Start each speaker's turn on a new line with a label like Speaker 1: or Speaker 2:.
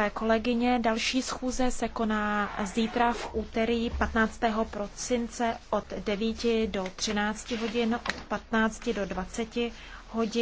Speaker 1: kolegové, kolegyně, další schůze se koná zítra v úterý 15. prosince od 9 do 13 hodin, od 15 do 20
Speaker 2: hodin.